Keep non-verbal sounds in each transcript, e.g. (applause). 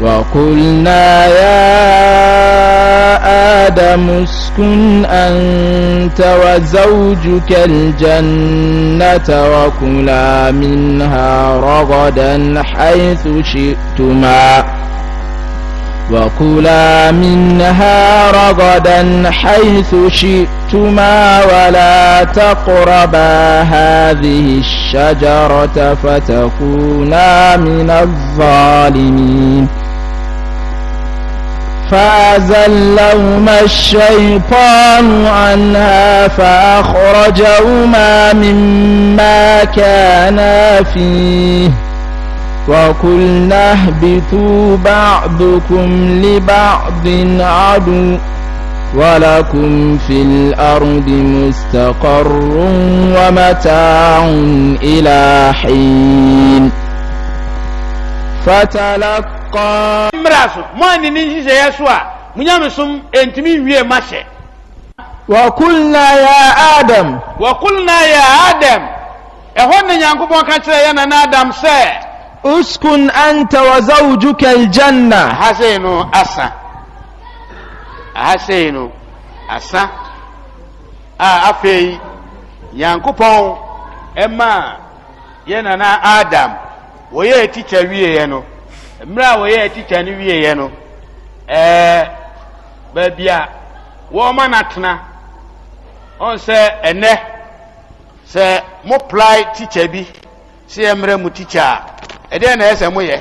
وقلنا يا آدم اسكن أنت وزوجك الجنة وكلا منها رغدا حيث شئتما وكلا منها رغدا حيث شئتما ولا تقربا هذه الشجرة فتكونا من الظالمين فأزلهما الشيطان عنها فأخرجهما مما كانا فيه وقلنا اهبطوا بعضكم لبعض عدو ولكم في الأرض مستقر ومتاع إلى حين فتلقى haqqan mra mo ani ni nhyehyɛeɛ so a munyamesom ɛntumi nwie ma hyɛ wakulna ya adam wakulna ya adam ɛhɔ ne nyankopɔn ka kyerɛ yɛ nana adam sɛ uskun anta wa zawjuka aljanna aha sei no asa aha sei no asa a afei nyankopɔn ɛmaa yɛ nana adam wɔyɛɛ tikya wieɛ no mmerɛ a wɔyɛ tikya no wieɛ no ɛɛ baabi a wɔma no atena ɔn sɛ ɛnɛ sɛ mo plae tikya bi sɛ yɛ mmerɛ mu tikya a ɛdeɛ na ɛyɛ sɛ moyɛ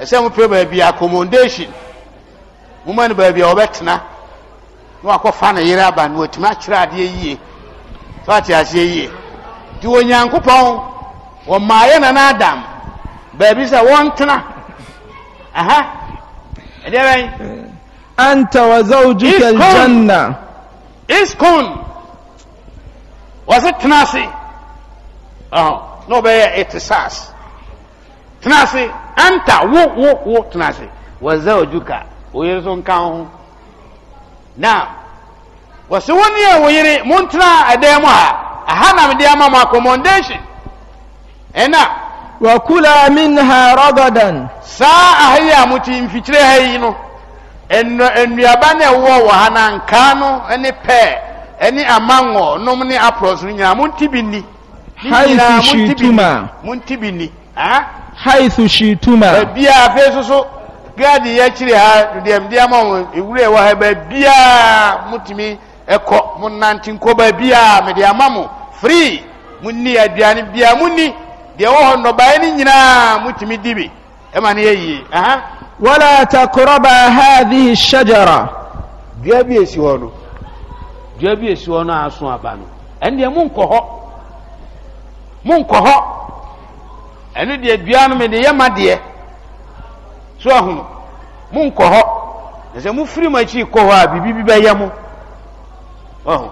ɛsɛ mopɛ baabi accommodation moma no baabi a wɔbɛtena na wakɔfa no yere aba no watumi akyerɛ adeɛ yie sɛ ate aseɛ yie nti onyankopɔn wɔmaa na nana adam baabi sɛ wɔntena aha ɛdeɛ bɛn anta wa zawjuka aljanna iskun wɔse tena ase ɔhɔ na ɔbɛyɛ itisas tena ase anta wo wo wo tena ase wa zawjuka oyere so nka ho na wɔse wo ne yɛ wo yere montena ɛdɛn mu ha aha na mede ama mo accommodation ɛna eh, wa kula minha ragadan saa ahaya muti mfikyire ha yi no nnuaba na ɛwɔ wɔ ha na nkaa no ne pɛɛ ne amango nom ne aprɔs no nyinaa monti bi ni haithu shituma monti bi ni haithu shituma baabiaa afei so so gaadi yɛ akyiri ha deɛmdeɛ ma wɔn ewura ɛwɔ ha baabiaa motumi ɛkɔ mo nante nkɔ baabiaa mede ama mo free mo ni aduane biaa mo ni deɛ ɛwɔ hɔ nnɔbaeɛ no nyinaa motumi di bi ɛma no yɛyie aha wala takraba hadhihi shajara dua bi esi hɔ no dua bi esi hɔ no aso aba no ɛne deɛ monkɔ hɔ monkɔ hɔ ɛno deɛ dua no mede yɛma deɛ so ahono monkɔ hɔ na sɛ mofiri mu akyi kɔ hɔ a biribi bɛyɛ mo ɔho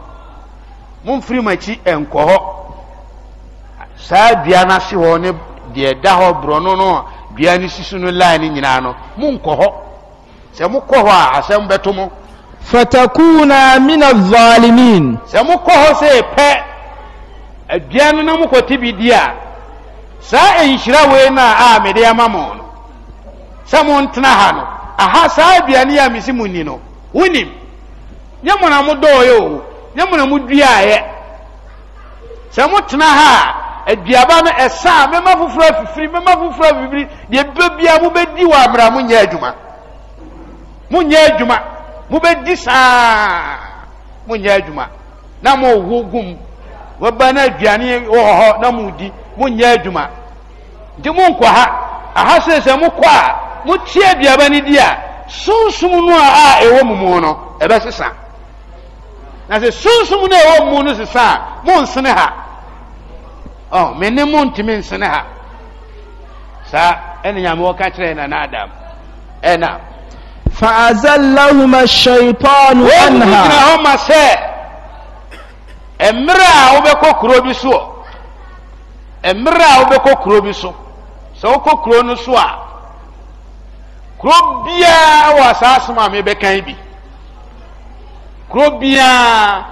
mu akyi ɛnkɔ hɔ saa dua no ase hɔ ne deɛ da hɔ borɔno no dua no sisi no line no nyinaa no monkɔ hɔ sɛ mokɔ hɔ a asɛm bɛto mo fatakuna min azalimin sɛ mokɔ hɔ sɛ pɛ adua no na mokɔte bi di a saa nhyira wei no a a mede ama mo no sɛ montena ha no aha saa aduane yɛ a mesi ni no wonim nyɛ mo na modɔɔyɛ o nyɛ mo na moduaayɛ sɛ motena ha a aduaba no ɛsa a mɛma foforɔ afifiri mɛma foforɔ afifiri deɛ bɛbia mobɛdi wɔ amera monyɛ adwuma monyɛ adwuma mobɛdi saa monyɛ adwuma na mowo gum wɔba no aduane wɔ hɔ na modi monyɛ adwuma nti monkɔ ha aha sɛ sɛ mokɔ a motie aduaba no di a sunsum no a a ɛwɔ mu mu no ɛbɛsesa na sɛ sunsum no a ɛwɔ mu no sesa a monsene ha ɔ mɛ ne mu ntumi nsene ha saa ɛna nyame wɔka kyerɛ na na adam ɛna. fa'azallahuma shaitanu anha wɔn gyina hɔ ma sɛ mmerɛ a wobɛkɔ kuro bi soɔ mmerɛ a wobɛkɔ kuro bi so sɛ wokɔ kuro no so a kuro biara wɔ asase mu a mebɛkan bi kuro biara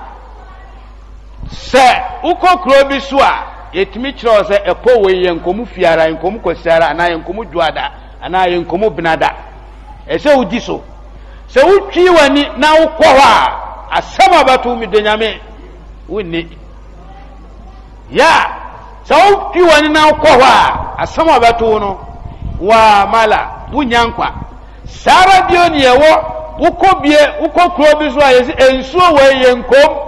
sɛ wokɔ kuro bi so a yɛtumi kyerɛw sɛ ɛpɔ wei yɛ nkɔmu fiara nkɔmu kɔsiara anaa yɛ nkɔmu duada anaa yɛ nkɔmu benada ɛsɛ wodi so sɛ wotwi w'ani na wokɔ hɔ a asɛm a wo mede nyame wonni ya sɛ wotwi w'ani na wokɔ hɔ a asɛm a wo no waa mala wonya nkwa saa ara bio ne yɛwɔ wokɔ bie wokɔ kuro bi so a yɛsi nsuo wei yɛ nkom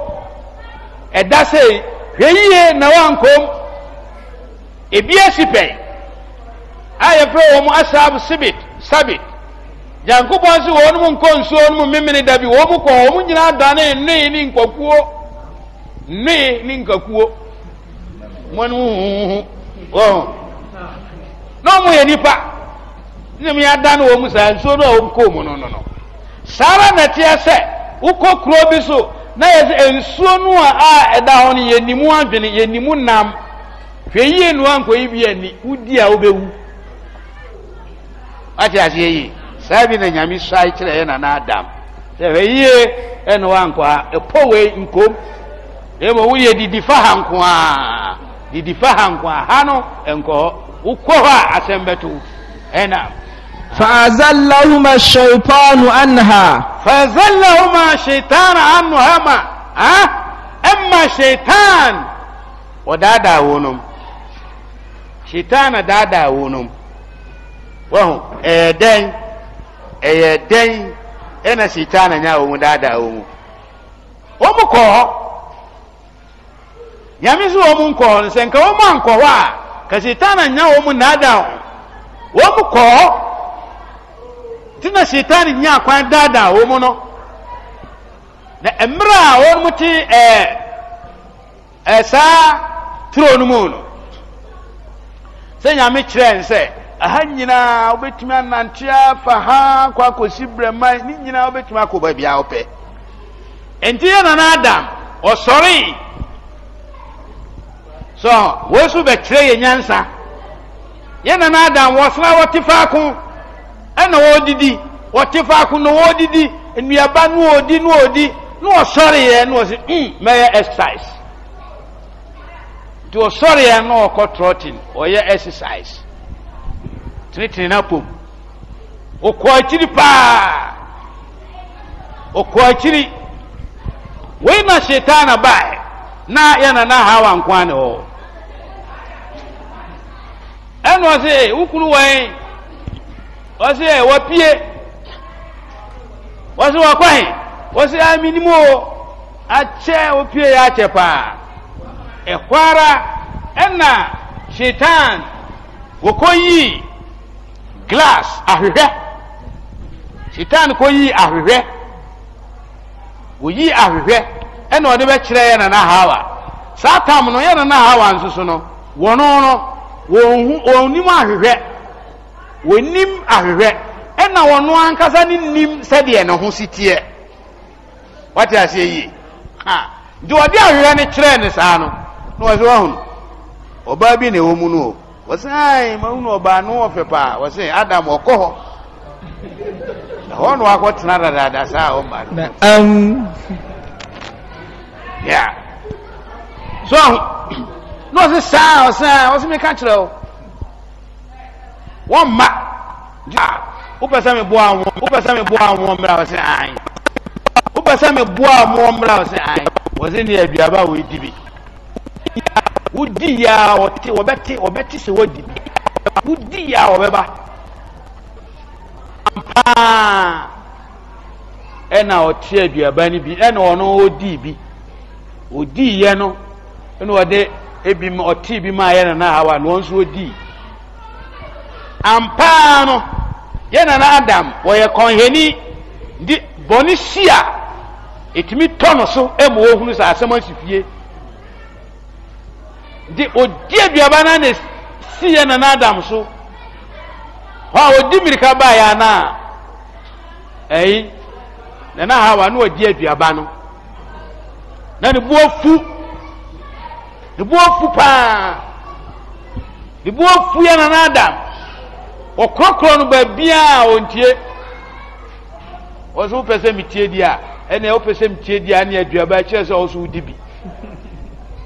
ɛda sɛ hwɛyie na wankom ebi si pɛn a yɛfrɛ wɔ m asab sibit sabit nyankopɔn sɛ wɔn mu nkɔ nsuo oh. no mu memene da bi wɔn mu kɔ wɔn nyinaa na ɔmo yɛ nipa ne mu yɛadane wɔn mu saa nsuo no a wɔn saa ara na ɛteɛ sɛ wokɔ kuro na yɛsɛ nsuo no a a ɛda hɔ no yɛnimu adwene yɛnimu nam hwɛ yie no ankɔyi bi ani wodi a wobɛwu wate aseɛ yie saa bi na nyame sae kyerɛ yɛ na adam sɛ hwɛ yie ɛne wankɔ a ɛpɔ wei nkom ɛmɔ woyɛ didi fa ha nko a didi fa ha nko a ha no ɛnkɔ hɔ wokɔ hɔ a asɛm bɛto wo ɛnam فأزلهما الشيطان عنها فزلهما شيطان عنهما ها اما شيطان ودادا ونم شيطان دادا ونم وهم ايدين ايدين انا شيطان نيا ومو دادا ومو ومو كو nyame sɛ wɔ mu nkɔɔ no sɛ nka wɔma nkɔ hɔ a ka tina shaitani nya kwan dada wo mu no na mmerɛ a wɔn mu te ɛɛ eh, ɛɛ eh, saa turo no mu no sɛ nyame kyerɛ nsɛ aha nyinaa wobɛtumi anante afa ha kɔ akɔsi brɛma ne nyinaa wobɛtumi akɔ baabia wopɛ enti yɛ nana adam ɔsɔree so wei so bɛkyerɛ yɛ nyansa yɛ nana adam wɔsena wɔte faako ɛna wɔdidi wɔte faako na wɔdidi nnuaba no wɔdi no wɔdi na wɔsɔreɛ na wɔsi mm mɛyɛ exercise nti wɔsɔreɛ na wɔkɔ trotting wɔyɛ exercise tenetene na pom wɔkɔ akyiri paa wɔkɔ akyiri wei na shetan na baa na yɛna na hawa nkwa ne hɔ ɛna wɔsi wukuru wɔn. wọ́n sí ẹ̀wọ́ píé wọ́n sí wọ́n pààyàn wọ́n sí àmì ní mò àkyẹ́ ó yà àkyẹ́ pàà ẹ̀kọ́ ara ẹ̀nà ṣètàn wòkó yìí glass ahwehwẹ́ ṣètàn kò yìí ahwehwẹ́ wòyí ahwehwẹ́ ɛna ɔde bɛkyerɛ yɛ nana hawa saa tam no yɛ nana hawa nso so no wɔn no wɔn nim ahwehwɛ wɔnim ahwehwɛ ɛna wɔno ankasa ne nim sɛdeɛ ne ho si teɛ wate aseɛ yie ha nti wɔde ahwehwɛ no kyerɛɛ ne saa no na wɔsɛ wahunu ɔbaa bi na ɛwɔ mu no o wɔsɛ ae mahunu ɔbaa no wɔfɛ paa wɔsɛ adam ɔkɔ hɔ ɛhɔ na wakɔtena dadaada saa ɔba no um. yeah. so ahu (clears throat) na ɔsɛ saa ɔsɛ a ɔsɛ meka kyerɛ o wọ́n ma ó pẹ̀sẹ̀ mi bọ́ àwọn ó pẹ̀sẹ̀ mi bọ́ àwọn mìíràn wọ́n sẹ́ àyìn ó pẹ̀sẹ̀ mi bọ́ àwọn mìíràn wọ́n sẹ́ àyìn wọ́n sẹ́ ni ẹ̀dùn àbá wò di bi wò di ya ọ̀tí ọ̀bẹ tí ọ̀bẹ tí sẹ́ wọ́n di bi wò di ya ọ̀bẹ ba paa ɛna ɔte aduaba ni bi ɛna ɔno ɔdii bi ɔdii yɛ no ɛna ɔde ebi ɔte bi maa yɛ nana awa na ɔno nso ɔdii ampaa no yɛ nana adam wɔyɛ kɔnhɛni di bɔne si a ɛtumi tɔ no so ma wɔhunu sɛ asɛm asi fie nti ɔdi aduaba no na si yɛ nana adam so hɔ a ɔdi mmirika baeɛ ana a ɛyi nana hawa na ɔdi aduaba no na ne bo afu ne bo afu paa ne bo afu yɛ nana adam wɔkorɔkorɔ no a ɔntie wɔ wopɛ sɛ metie di a ɛnea wopɛ sɛ metie di a ne aduaba kyerɛ sɛ wɔ so wodi bi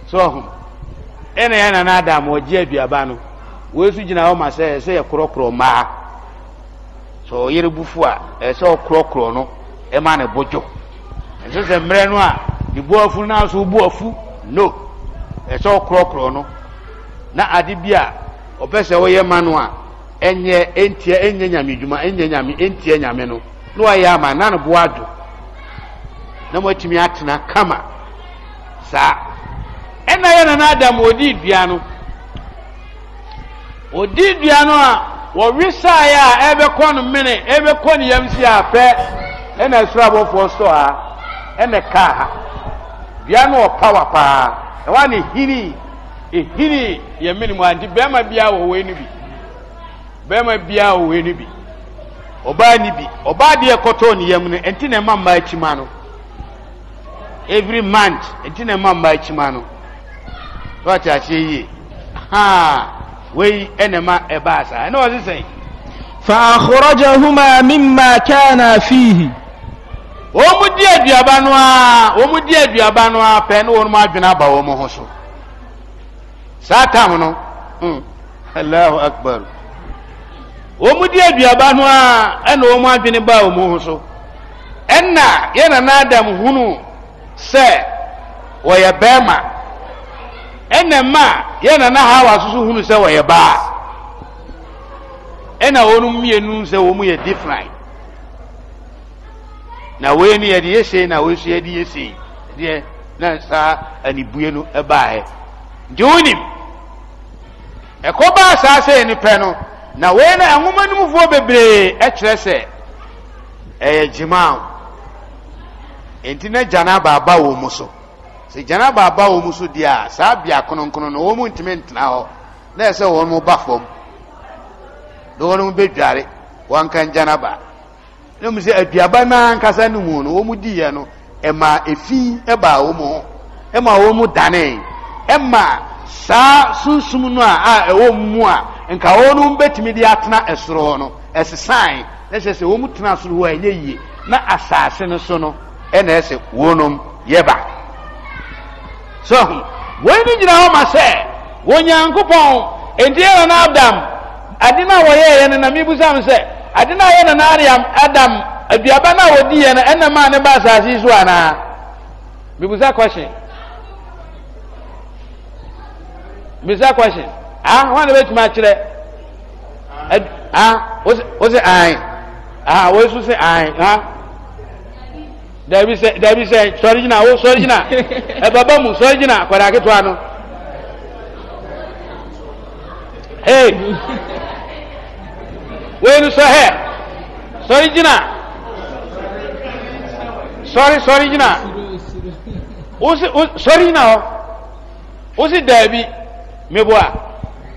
so yɛ ɔgye aduaba no so gyina hɔ ma sɛ ɛsɛ yɛ korɔkorɔ mmaa sɛ ɔyere a ɛsɛ ɔkorɔkorɔ no ɛma ne bodwo ɛsɛ sɛ a afu no no ɛsɛ ɔkorɔkorɔ no na ade bi a ɔpɛ sɛ ma no a enye entie enye nyame dwuma ɛnyɛ nyame ɛntiɛ nyame no na wayɛ ama na no boa do na moatumi atena kama saa ɛna yɛ nana adam ɔdii dua no ɔdii dua no a wɔwesaeɛ a ɛbɛkɔ no mene ɛbɛkɔ no yam si a pɛ ɛna ɛsoro abɔfoɔ nso ha ɛna kaa ha dua no ɔpawa paa ɛwa ne hinii ɛhinii yɛ mene mu a nti bɛrima biara wɔ wei no bi bɛrima biara ɔwɔ ni bi ɔbaa ni bi ɔbaa deɛ kɔtɔɔ ne yam no ɛnti na ɛma mmaa akyima no every month ɛnti na ɛma mmaa akyima no wɔte aseɛ yie haa wei ɛna ma ɛbaa saa ɛna wɔde sɛn. فأخرجهما مما كان فيه wɔn mu di aduaba no a wɔn mu di aduaba no a pɛn ne wɔn mu adwene aba wɔn ho so saa tam no hmm allahu akbar. wɔn di aduaba no a ɛna wɔn adwene baa wɔn ho so ɛna yɛn nana adam hunu sɛ wɔyɛ bɛrima ɛna mma yɛn na hawa soso hunu sɛ wɔyɛ baa ɛna wɔn mmienu sɛ wɔn yɛ different na wɔn ani yɛde na wɔn nso yɛde yɛsɛ deɛ na saa anibue no ɛbaa yɛ deɛ wɔn nim ɛkɔ baa saa sɛ yɛn pɛ no. na wei na nwoma no mufoɔ bebree kyerɛ sɛ ɛyɛ gyima enti na gyana baaba wɔ mu so sɛ gyana baaba wɔ mu so deɛ a saa bea kronkron no wɔn ntumi ntena hɔ na ɛsɛ wɔn mo ba fam na wɔn mo bedware wɔn gyana ba na mu sɛ aduaba nankasa no mu no wɔn mo diiɛ no ɛma efi ɛbaa wɔn ho ɛma wɔn mo danee ɛma saa sunsun no a a ɛwɔ mu a. nka wɔn bɛtumi de atena ɛsoro no ɛsesan na kyerɛ sɛ wɔn tena soro hɔ a ɛnyɛ yie na asaase no so no ɛna ɛsɛ wɔn yɛba so wɔn ni nyinaa wɔn ma sɛ wɔn nyankopɔn ntiɛ na adam ade na wɔyɛ yɛ no na mibusa sɛ ade na yɛ no na adam aduaba na wɔdi yɛ no ɛna maa ne ba so anaa mibusa question mibusa ah wọn na bɛtumi akyerɛ ah wosi an ah wosu si an ha dabi sɛ dabi sɛ sɔri gyina wo sɔri gyina ɛbaba mu sɔri gyina akwadaa ketewa no hey wei ni sɔ hɛ sɔri gyina sɔri sɔri gyina wosi sɔri gyina hɔ wosi dabi meboa.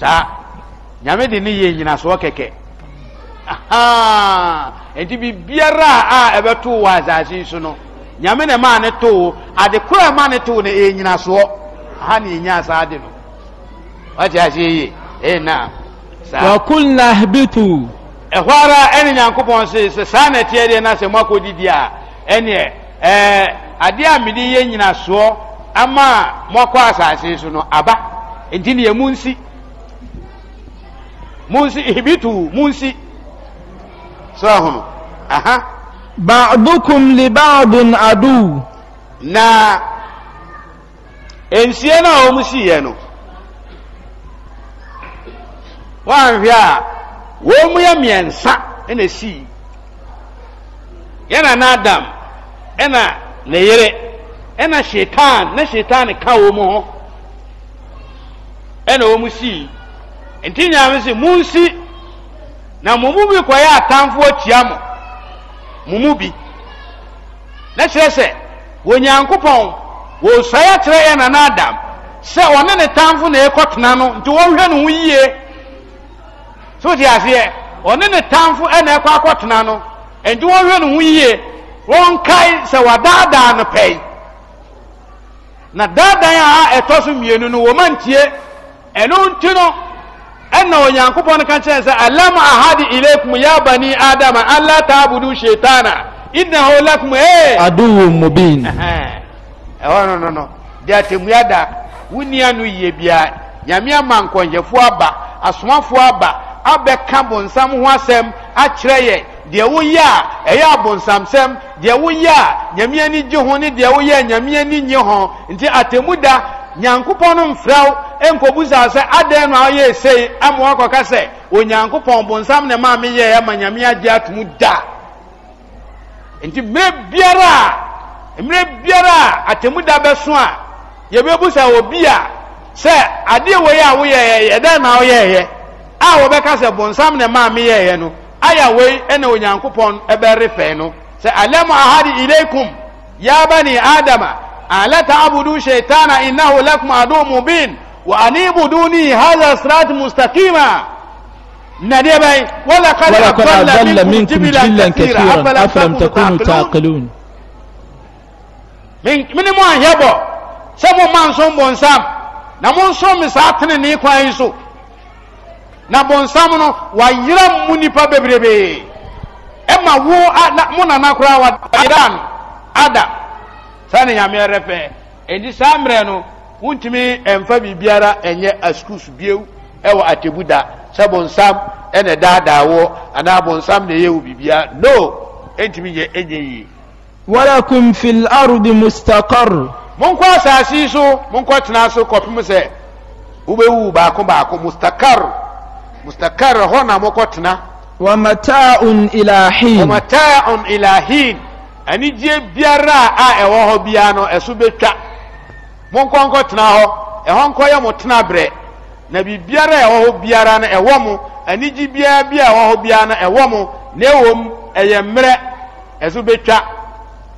saa nyame de ne yɛ nyinasoɔ kɛkɛ nti biribiara a ɛbɛtoo wɔ asase yi so no nyame na ɛmaa ne too ade koro a ɛmaa ne too no ɛyɛ nyinasoɔ aha ne yɛnya saa de no wate aseɛ yie ɛyɛ eh, na saa wakulna hbitu ɛhɔ ara ɛne nyankopɔn se sɛ saa na ɛteɛ deɛ na sɛ moakɔdidi a ɛneɛ ɛɛ adeɛ a mede yɛ nyinasoɔ ama moakɔ asase so no aba nti ne yɛ mu nsi munsi ihbitu munsi sahunu aha ba'dukum li ba'din adu na ensie na wɔn si yɛ no wɔanhwɛ a wɔn mu yɛ mmiɛnsa ɛna si yɛna n'adam na ne yere na shetan na shetan ka wɔn ho ɛna wɔn si nti nyame sɛ monsi na mo mu bi kɔyɛ atamfoɔ atia mo mo mu bi na kyerɛ sɛ onyankopɔn wɔsɔe akyerɛ yɛ nana adam sɛ ɔne ne tamfo na ɛkɔtena no nti wɔhwɛ ne ho yie so wote aseɛ ɔne ne tamfo ɛna ɛkɔ akɔtena no nti wɔhwɛ ne ho yie wɔnkae sɛ wadaadaa no pɛi na daadan a ɛtɔ so mmienu no wɔma ntie ɛno nti no ɛnna onyankopɔn no ka kyerɛ ne sɛ alam ahadi ilaikum ya bani adama anla tabudu shaitana innahu lakmɛwɔ eh! nonono deɛ atɛmuada wo nnia no yie biaa nyameɛ ama nkɔnhyɛfoɔ aba asomafoɔ aba abɛka bonsam ho asɛm akyerɛ yɛ deɛ woyɛ a ɛyɛ abonsamsɛm deɛ woyɛ a nyameane gye ho ne deɛ woyɛa nyamea ne nye hɔ nti atɛmmu da nyankopɔn n mfrawo nkobu saa sɛ adɛn na ɔyɛ esei ama ɔkɔka sɛ onyankopɔn bonsam na maa mi yɛ ɛma nyame agye atum da nti mmerɛ biara a mmerɛ biara a atemu da bɛso a yɛbɛbu obi a sɛ adeɛ wɔ yɛ a woyɛyɛ yɛ dɛn na ɔyɛyɛ a wɔbɛka sɛ bonsam na maa mi yɛyɛ no ayɛ wei ɛna onyankopɔn ɛbɛrefɛ no sɛ alam ahadi ileikum ya bani adama ala ta'budu shaytana innahu lakum aduwwun mubin wa anibuduni hadha sirat mustaqima nàdíyà báyìí wala qad adalla minkum jillan kathiran afalam takunu taqilun mini mu an yɛbɔ sɛ mo ma nso bonsam na mo nso mi saa tene ne kwan yi so na bonsam no wayera mu nipa bebrebee ɛma wo mo nana koraa wayera no ada sɛ ne nyameɛ rɛ fɛ enti saa mmerɛ no wontumi ɛmfa biribiara ɛnyɛ askuus biew ɛwɔ atebu da sɛ bonsam ɛna daadaa wɔ anaa bonsam na ɛyɛ wo biribiara no ɛntumi yɛ ɛnyɛ yie walakum fi lardi mustaqar monkɔ asase yi so monkɔ tena so kɔpem sɛ wobɛwu baako baako mustakar mustakar hɔ na mokɔtena wamataun ila hin wamataun ila hin anigyeɛ biara a ɛwɔ hɔ biara no ɛso bɛtwa monkɔ nkɔ tena hɔ ɛhɔ nkɔyɛ mo tena berɛ na biribiara ɛwɔ hɔ biara no ɛwɔ mo anigye biara bi a ɛwɔ hɔ biara no ɛwɔ mo na ɛwom ɛyɛ mmerɛ ɛso bɛtwa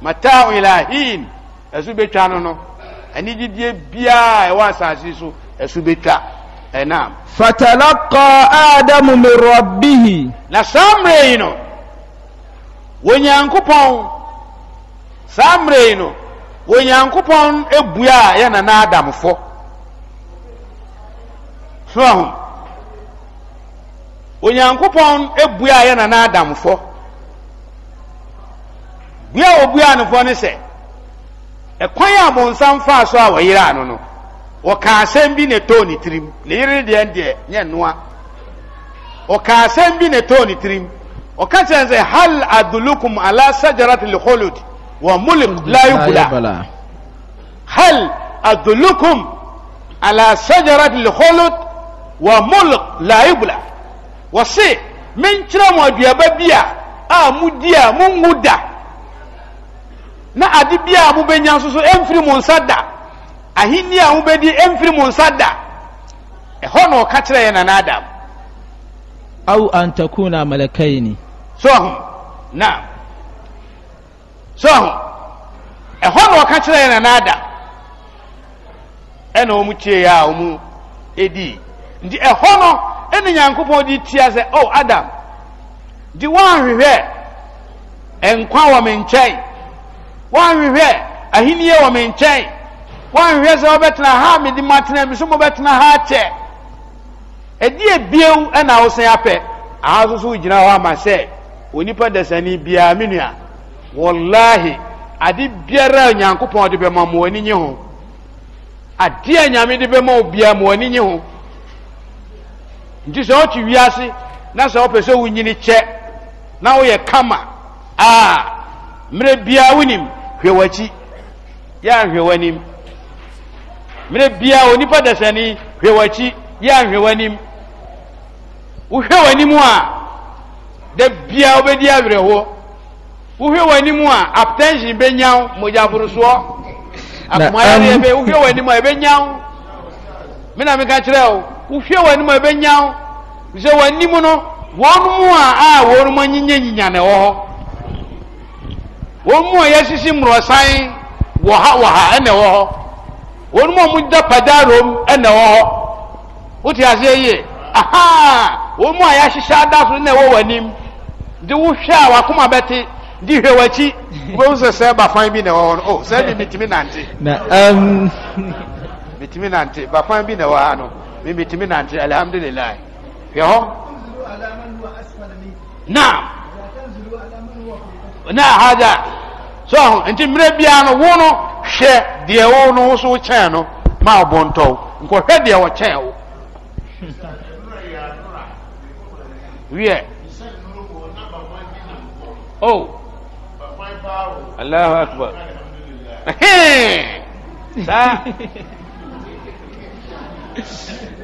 matao ilahin ɛso bɛtwa no no anigyedie biara a ɛwɔ asase so ɛso bɛtwa ɛnam fatalaka adamu min rabbihi na saa mmerɛ yi no onyankopɔn saa mmerɛ yi no onyankopɔn abua a yɛna n'adamfo hwɛ ho onyankopɔn abua a na n'adamfo bua a obua nofoɔ ne sɛ ɛkwan a bonsam faa so a wɔyeraa no no ɔka asɛm bi ne tɔɔ ne tirim ne yere deɛ deɛ nyɛ noa ɔka asɛm bi ne tɔɔ ne tirim ɔka kyerɛ sɛ hal adulukum ala sajarat lkhulud wa mulim láyúbùlá hal adulukum ala sajaratil khulud wa mulk láyúbùlá wa se min kyerɛ mu aduaba bi a a mudi a monwu da na ade bi a mobɛnya nso so ɛmfiri mo nsa da ahenni a mobɛdi ɛmfiri mo nsa da ɛhɔ na ɔka kyerɛ yɛ nana adam aw an takuna malakaini so ho na'am so ɛhɔ na ɔka kyerɛ yɛ nana ada ɛna wɔn tie yɛ a wɔn edi nti ɛhɔ no ɛna nyankopɔn de tia sɛ oh adam di wɔnhwehwɛ nkwa wɔ me nkyɛn wɔnhwehwɛ ahenniɛ wɔ me nkyɛn wɔnhwehwɛ sɛ wɔbɛtena ha mede matena mi so mobɛtena ha kyɛ ɛdi ebiew ɛna awosan apɛ aha soso gyina hɔ ama sɛ onipa dasani biara me nua wallahi ade biara nyankopɔn de bɛma ma w'ani nye ho adeɛ nyame de bɛma wo bia ma w'ani nye ho nti sɛ wote wiase na sɛ wopɛ sɛ wonyini kyɛ na woyɛ kama a mmerɛ biaa wonim hwɛ w'akyi yɛanhwɛ w'anim mmerɛ biaa onipa dasani hwɛ w'akyi yɛanhwɛ w'anim wohwɛ w'anim a da biaa wobɛdi awerɛhoɔ wohwɛ w'anim a aptension bɛnyaw mogyaborosoɔ akomayareɛ bɛ wohwɛ w'anim a ɛbɛnyaw me na meka kyerɛ wo wohwɛ w'anim a ɛbɛnyaw sɛ w'anim no wɔn mu a a wɔn mu anyinyanyinya na ɛwɔ hɔ wɔn mu a yɛasisi mmorɔsan wɔ ha wɔ ha ɛna ɛwɔ hɔ wɔn mu a wɔn da padarom ɛna ɛwɔ hɔ wote aseɛ yie aha wɔn mu a yɛahyehyɛ ada so na ɛwɔ w'anim de wohwɛ a wakoma bɛte di hwɛ sɛ sɛ bafan bi oh, (laughs) na ɛwɔ hɔ no o um, sɛ (laughs) me metumi nante metumi nante bafan bi na ɛwɔ ha no me metumi nante alhamdulilahi hwɛ hɔ naam na hada so ho nti mmerɛ biara no wo no hwɛ deɛ wo no wo so kyɛn no ma ɔbɔ ntɔw nkɔhwɛ deɛ wo (laughs) wiɛ oh Allahu akbar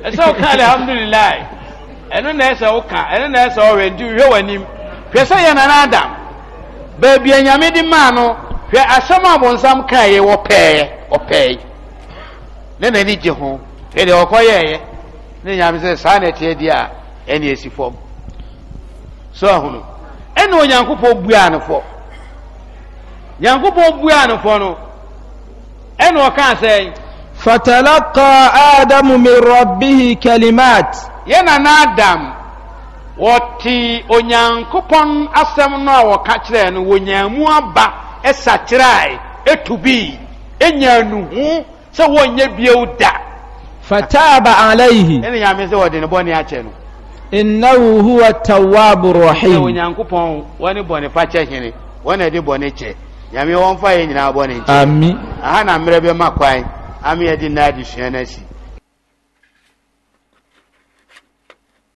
ɛsɛ woka alhamdulilah ɛno na ɛsɛ woka ɛno na ɛsɛ ɔwɛ nti hwɛ w'anim hwɛ sɛ ya nana adam baabi a de maa no hwɛ asɛm a kaeɛ wɔpɛɛ ɔpɛɛ ne n'ani gye ho hwɛ deɛ ɔkɔyɛɛyɛ ne nyame sɛ saa na ɛteɛ deɛ a ɛne asi fam so ɛne onyankopɔn buaa no fɔ nyankopɔn buaa no fɔ no ɛna ɔkaa sɛ fatalaka adamu min rabbihi kalimat yɛna na adam wɔte onyankopɔn asɛm no a wɔka kyerɛɛ no wɔnyamu aba ɛsakyerɛe ɛtu bii ɛnya nuhu sɛ wɔnyɛ bieo da fataba alaihi ɛne nyame sɛ wɔde ne bɔne akyɛ no innahu huwa tawabu rahim onyankopɔn wɔne bɔne pa kyɛ hene wɔne de bɔne kyɛ nyame wɔmfa yɛ nyinaa bɔne nkyɛ aha na mmerɛ bɛma kwan ama yɛde nna adesua no asi